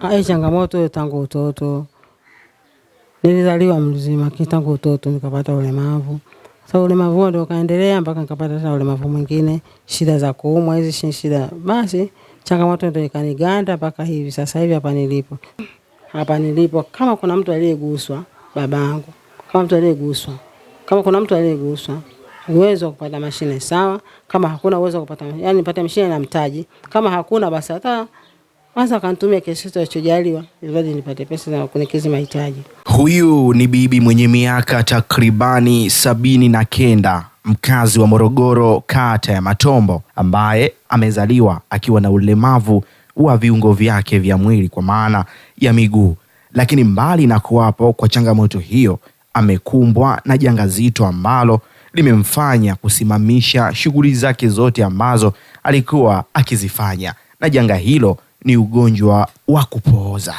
Ah, hii changamoto tangu utoto, nilizaliwa mzima kitangu utoto nikapata ulemavu. Sasa so, ulemavu huo ndio kaendelea mpaka nikapata tena ulemavu mwingine, shida za kuumwa hizi shida. Basi changamoto ndio ikaniganda mpaka hivi sasa hivi hapa nilipo. Hapa nilipo kama kuna mtu aliyeguswa, babangu. Kama mtu aliyeguswa. Kama kuna mtu aliyeguswa, uwezo wa kupata mashine sawa, kama hakuna uwezo wa kupata, yani nipate mashine na mtaji. Kama hakuna basi hata kwanza akanitumia kiasi alichojaliwa ili nipate pesa za kunikizi mahitaji. Huyu ni bibi mwenye miaka takribani sabini na kenda mkazi wa Morogoro kata ya Matombo ambaye amezaliwa akiwa na ulemavu wa viungo vyake vya mwili kwa maana ya miguu, lakini mbali na kuwapo kwa changamoto hiyo, amekumbwa na janga zito ambalo limemfanya kusimamisha shughuli zake zote ambazo alikuwa akizifanya, na janga hilo ni ugonjwa wa kupooza.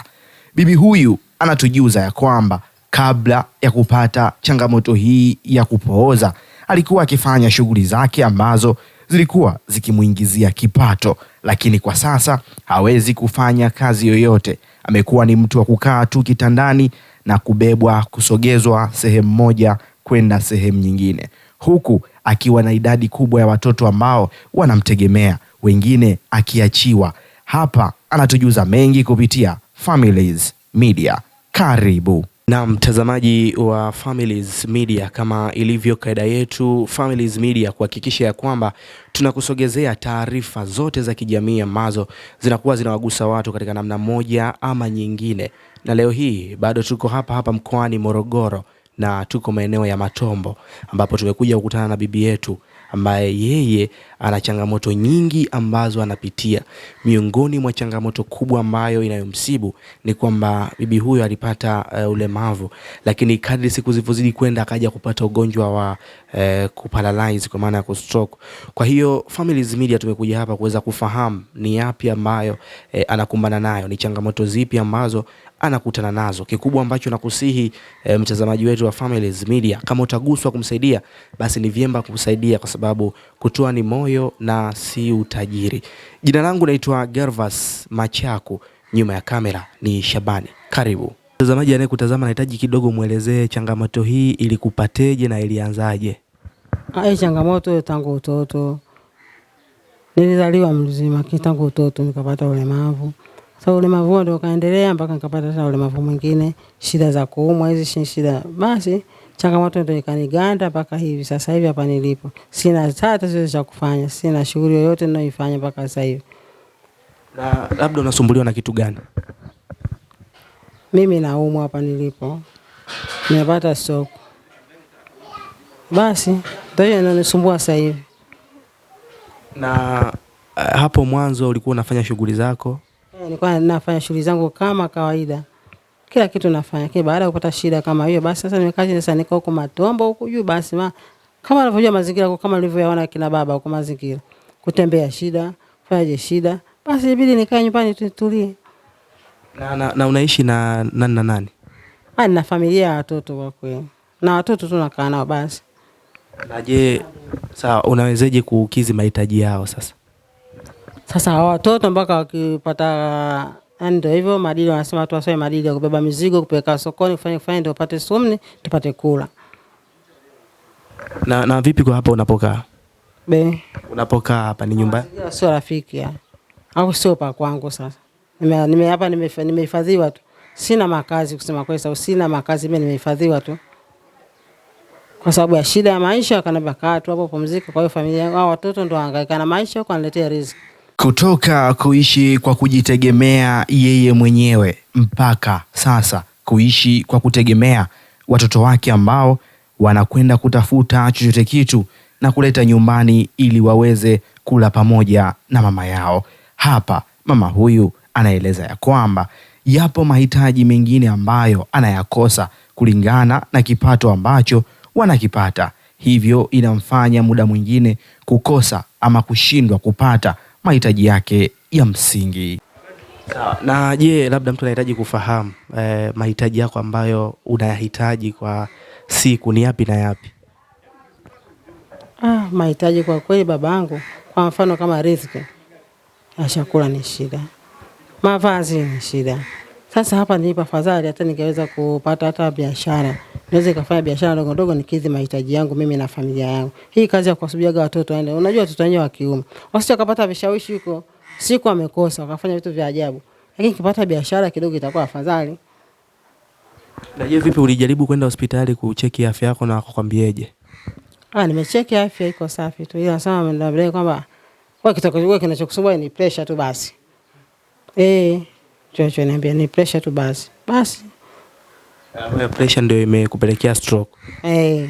Bibi huyu anatujuza ya kwamba kabla ya kupata changamoto hii ya kupooza, alikuwa akifanya shughuli zake ambazo zilikuwa zikimwingizia kipato, lakini kwa sasa hawezi kufanya kazi yoyote. Amekuwa ni mtu wa kukaa tu kitandani na kubebwa kusogezwa sehemu moja kwenda sehemu nyingine, huku akiwa na idadi kubwa ya watoto ambao wanamtegemea, wengine akiachiwa hapa anatujuza mengi kupitia Families Media. Karibu na mtazamaji wa Families Media, kama ilivyo kaida yetu Families Media kuhakikisha ya kwamba tunakusogezea taarifa zote za kijamii ambazo zinakuwa zinawagusa watu katika namna moja ama nyingine, na leo hii bado tuko hapa hapa mkoani Morogoro na tuko maeneo ya Matombo ambapo tumekuja kukutana na bibi yetu ambaye yeye ana changamoto nyingi ambazo anapitia. Miongoni mwa changamoto kubwa ambayo inayomsibu ni kwamba bibi huyo alipata uh, ulemavu, lakini kadri siku zilivyozidi kwenda akaja kupata ugonjwa wa uh, kuparalyze kwa maana ya kustroke. Kwa hiyo Families Media tumekuja hapa kuweza kufahamu ni yapi ambayo uh, anakumbana nayo, ni changamoto zipi ambazo anakutana nazo. Kikubwa ambacho nakusihi e, mtazamaji wetu wa Families Media, kama utaguswa kumsaidia, basi ni vyema kusaidia kwa sababu kutoa ni moyo na si utajiri. Jina langu naitwa Gervas Machaku, nyuma ya kamera ni Shabani. Karibu mtazamaji anayekutazama, nahitaji kidogo mwelezee changamoto hii ilikupateje na ilianzaje? Ai, ah, changamoto tangu utoto, nilizaliwa mzima, kitangu utoto nikapata ulemavu So ulemavu huo ndio ukaendelea mpaka nikapata tena ulemavu mwingine, shida za kuumwa hizi shida. Basi changamoto ndio ikaniganda mpaka hivi sasa hivi hapa nilipo. Sina hata chochote za kufanya, sina shughuli yoyote ninayoifanya mpaka sasa hivi. Na labda unasumbuliwa na kitu gani? Mimi naumwa hapa nilipo, nimepata stroke. Basi ndio hiyo inanisumbua sasa hivi. Na eh, hapo mwanzo ulikuwa unafanya shughuli zako nilikuwa nafanya shughuli zangu kama kawaida, kila kitu nafanya, lakini baada ya kupata shida kama hiyo, basi sasa nimekaa chini, sasa niko huko Matombo huko juu, basi ma, kama unavyojua mazingira, kama nilivyoyaona kina baba huko, mazingira kutembea shida, kufanya shida, basi ibidi nikae nyumbani tutulie. Na, na, na unaishi na nani na nani? Ah, na familia ya watoto kwa kweli, na watoto tunakaa nao basi. Na je, sawa, unawezaje kukizi mahitaji yao sasa? Sasa watoto mpaka wakipata ndio hivyo madili, wanasema watu wasome madili ya kubeba mizigo, kupeleka sokoni, kufanya kufanya, ndio upate sumni, tupate kula. Na, na vipi kwa hapa unapokaa? Be. Unapokaa hapa ni nyumba? Ah, sio rafiki ya. au sio pa kwangu sasa. Nime, nime hapa nimehifadhiwa tu. Sina makazi kusema kweli, sababu sina makazi mimi nimehifadhiwa tu. Kwa sababu ya shida ya maisha, kanaba kaa tu hapo pumzika. Kwa hiyo familia wao watoto ndio hangaika na maisha huko, analetea riziki kutoka kuishi kwa kujitegemea yeye mwenyewe mpaka sasa kuishi kwa kutegemea watoto wake ambao wanakwenda kutafuta chochote kitu na kuleta nyumbani ili waweze kula pamoja na mama yao. Hapa mama huyu anaeleza ya kwamba yapo mahitaji mengine ambayo anayakosa kulingana na kipato ambacho wanakipata, hivyo inamfanya muda mwingine kukosa ama kushindwa kupata mahitaji yake ya msingi. Na je, labda mtu anahitaji kufahamu eh, mahitaji yako ambayo unayahitaji kwa siku ni yapi na yapi? Ah, mahitaji kwa kweli babangu, kwa mfano kama riziki, chakula ni shida, mavazi ni shida. Sasa hapa nilipa fadhali, hata ningeweza kupata hata biashara Niweze kufanya biashara ndogo ndogo nikidhi mahitaji yangu mimi na familia yangu. Hii kazi ya kuwasubiaga watoto aende. unajua watoto wenyewe wa kiume wasije kupata vishawishi huko, siku amekosa akafanya vitu vya ajabu, lakini kipata biashara kidogo itakuwa afadhali. Na je, vipi ulijaribu kwenda hospitali kucheki afya yako na wakakwambieje? Ah, nimecheki afya iko safi tu, ila sasa amenambia kwamba kwa kitakuwa kinachokusumbua ni pressure tu basi eh niambia ni pressure tu basi. Basi. Uh, pressure ndio imekupelekea stroke. Eh.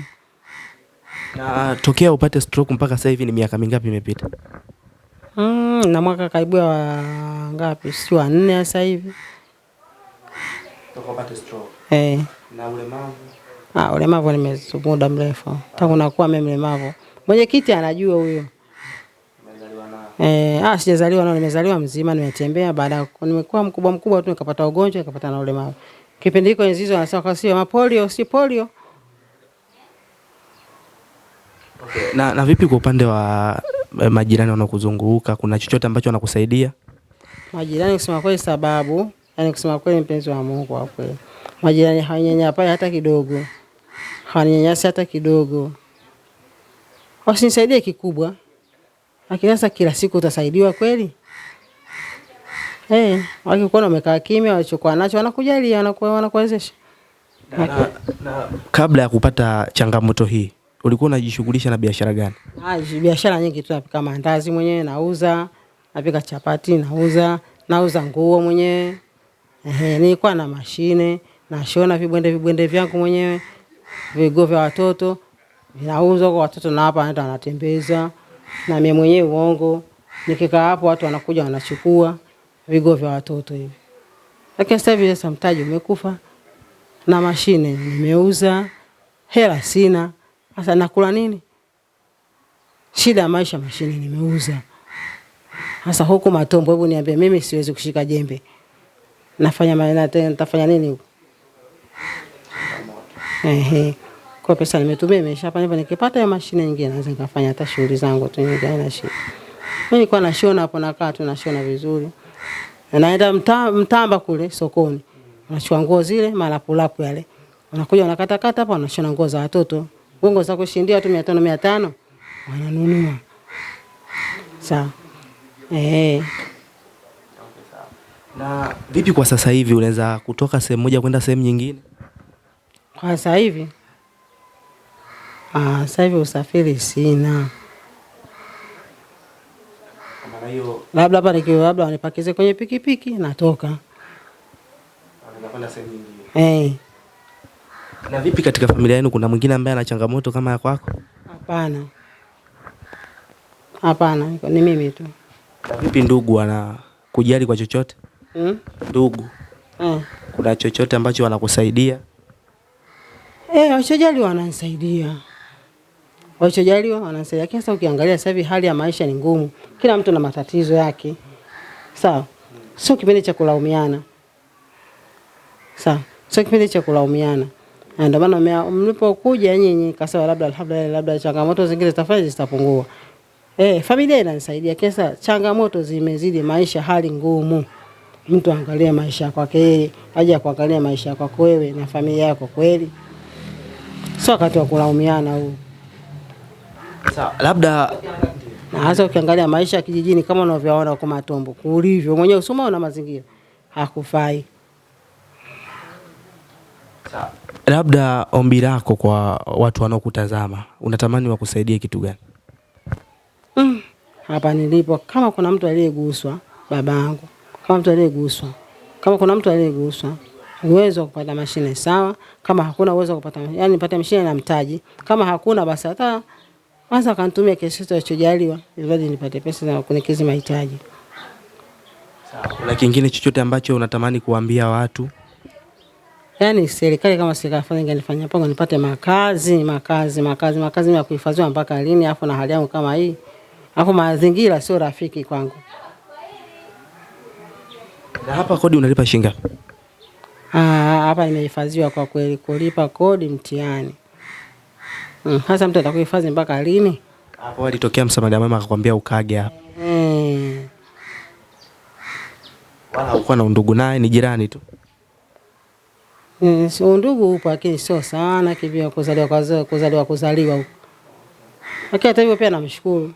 Na tokea upate stroke mpaka sasa hivi ni miaka mingapi imepita? Mm, na mwaka karibu wa ngapi? Si wa nne sasa hivi. Toka upate stroke. Eh. Na ulemavu? Ah, ulemavu nimesumbua muda mrefu. Tangu nakuwa mimi mlemavu. Mwenyekiti anajua huyo. Eh, ah, sijazaliwa na nimezaliwa mzima, nimetembea, baada nimekuwa mkubwa mkubwa tu nikapata ugonjwa, nikapata na ulemavu. Kipindi hiko enzi anasema kwa sio mapolio, si polio. Okay. Na, na vipi kwa upande wa eh, majirani wanaokuzunguka, kuna chochote ambacho wanakusaidia majirani? Kusema kweli, sababu yani, kusema kweli, mpenzi wa Mungu wa kweli, majirani hawanyanyapai hata kidogo, hawanyanyasi hata kidogo, wasinisaidie kikubwa lakini sasa kila siku utasaidiwa kweli? Eh, wakikuona umekaa kimya, walichokuwa nacho wanakujalia, wanakuwa wanakuwezesha. Na, na, kabla ya kupata changamoto hii ulikuwa unajishughulisha na biashara gani? Ah, biashara nyingi tu, napika mandazi mwenyewe nauza, napika chapati nauza, nauza nguo mwenyewe. Ehe, nilikuwa na mashine, nashona vibwende vibwende vyangu mwenyewe, viguo vya watoto vinauzwa kwa watoto, na hapa naenda wanatembeza na mimi mwenyewe uongo. Nikikaa hapo watu wanakuja wanachukua vigo vya watoto hivi. Lakini sasa hivi sasa mtaji umekufa na mashine nimeuza, hela sina, sasa nakula nini? Shida ya maisha, mashine nimeuza. Sasa huku Matombo, hebu niambie, mimi siwezi kushika jembe, nafanya nitafanya nini huku? Ehe kwa pesa nimetumia imeisha hapa hivyo, nikipata ya mashine nyingine naweza nikafanya hata shughuli zangu tu nyingi, haina shida. Mimi nilikuwa nashona hapo, nakaa tu nashona vizuri, naenda mta, mtamba kule sokoni, unachukua nguo zile malapulapu yale, unakuja unakatakata hapo, unashona nguo za watoto, nguo za kushindia watu 500 500 wananunua. Sawa eh. Na vipi kwa sasa hivi, unaweza kutoka sehemu moja kwenda sehemu nyingine kwa sasa hivi? Ah, sasa hivi usafiri sina. Kwa hiyo labda hapa nikiwa labda wanipakize kwenye pikipiki natoka. Anakwenda ah, sehemu nyingine. Eh. Hey. Na vipi katika familia yenu kuna mwingine ambaye ana changamoto kama ya kwako? Hapana. Hapana, ni mimi tu. Na vipi ndugu wana kujali kwa chochote? Mm? Ndugu. Mm. Kuna chochote ambacho wanakusaidia? Eh, hey, wachojali wananisaidia walichojaliwa wanasaidia. Lakini sasa ukiangalia sasa hivi hali ya maisha ni ngumu, kila mtu na matatizo yake, sawa. Sio kipindi cha kulaumiana, sawa, sio kipindi cha kulaumiana. Ndio maana mlipokuja nyinyi kasawa, labda alhamdulillah, labda changamoto zingine zitafanya zitapungua. Eh, familia inanisaidia kesa, changamoto zimezidi maisha, hali ngumu. Mtu angalia maisha kwake yeye, aje kuangalia maisha kwako wewe na familia yako kweli. Sio wakati wa kulaumiana huu. Sawa, labda hasa ukiangalia maisha ya kijijini kama unavyoona huko Matombo kulivyo, mwenyewe usoma na mazingira hakufai. Sawa, labda ombi lako kwa watu wanaokutazama, unatamani wakusaidie kitu gani? Mm, hapa nilipo, kama kuna mtu aliyeguswa, babangu, kama mtu aliyeguswa, kama kuna mtu aliyeguswa uwezo wa kupata mashine sawa, kama hakuna uwezo wa kupata, yani nipate mashine na mtaji, kama hakuna basi hata kwanza akanitumia kiasi chote alichojaliwa ili nipate pesa za kunikizi mahitaji. Sawa. Kuna kingine chochote ambacho unatamani kuambia watu? Yaani serikali kama serikali ingenifanyia pango nipate makazi, makazi, makazi, makazi ya kuhifadhiwa mpaka lini? Afu na hali yangu kama hii. Afu mazingira sio rafiki kwangu. Na hapa kodi unalipa shilingi ngapi? Ah, hapa imehifadhiwa kwa kweli kulipa kodi mtihani. Mm, hasa mtu atakuhifadhi mpaka lini? Hapo alitokea msamaria mwema akakwambia ukage hapa. Eh. Wala hukuwa na undugu naye, ni jirani tu. Mm, undugu upo lakini sio sana kivyo kuzaliwa kuzaliwa kuzaliwa huko. Lakini hata hivyo pia namshukuru.